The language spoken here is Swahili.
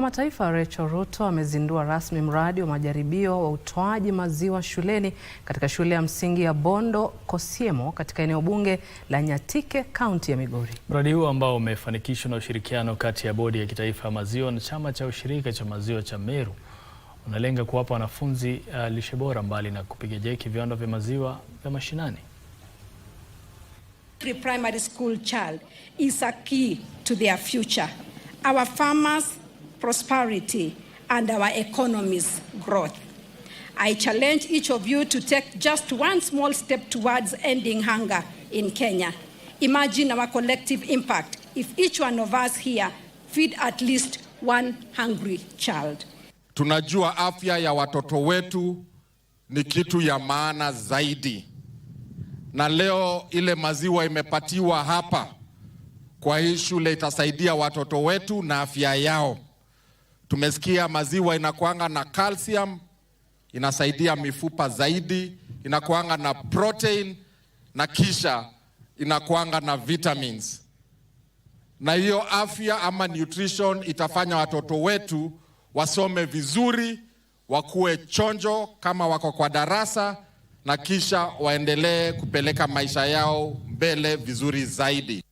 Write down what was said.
wa Mataifa Rachel Ruto amezindua rasmi mradi wa majaribio wa utoaji maziwa shuleni katika shule ya msingi ya Bondo Kosiemo katika eneo bunge la Nyatike, kaunti ya Migori. Mradi huo ambao umefanikishwa na ushirikiano kati ya Bodi ya Kitaifa ya Maziwa na Chama cha Ushirika cha Maziwa cha Meru unalenga kuwapa wanafunzi uh, lishe bora mbali na kupiga jeki viwanda vya maziwa vya mashinani. Every primary school child is a key to their future. Our farmers prosperity and our economy's growth. I challenge each of you to take just one small step towards ending hunger in Kenya. Imagine our collective impact if each one of us here feed at least one hungry child. Tunajua afya ya watoto wetu ni kitu ya maana zaidi. Na leo ile maziwa imepatiwa hapa kwa hii shule itasaidia watoto wetu na afya yao. Tumesikia maziwa inakuanga na calcium, inasaidia mifupa zaidi, inakuanga na protein na kisha inakuanga na vitamins, na hiyo afya ama nutrition itafanya watoto wetu wasome vizuri, wakuwe chonjo kama wako kwa darasa, na kisha waendelee kupeleka maisha yao mbele vizuri zaidi.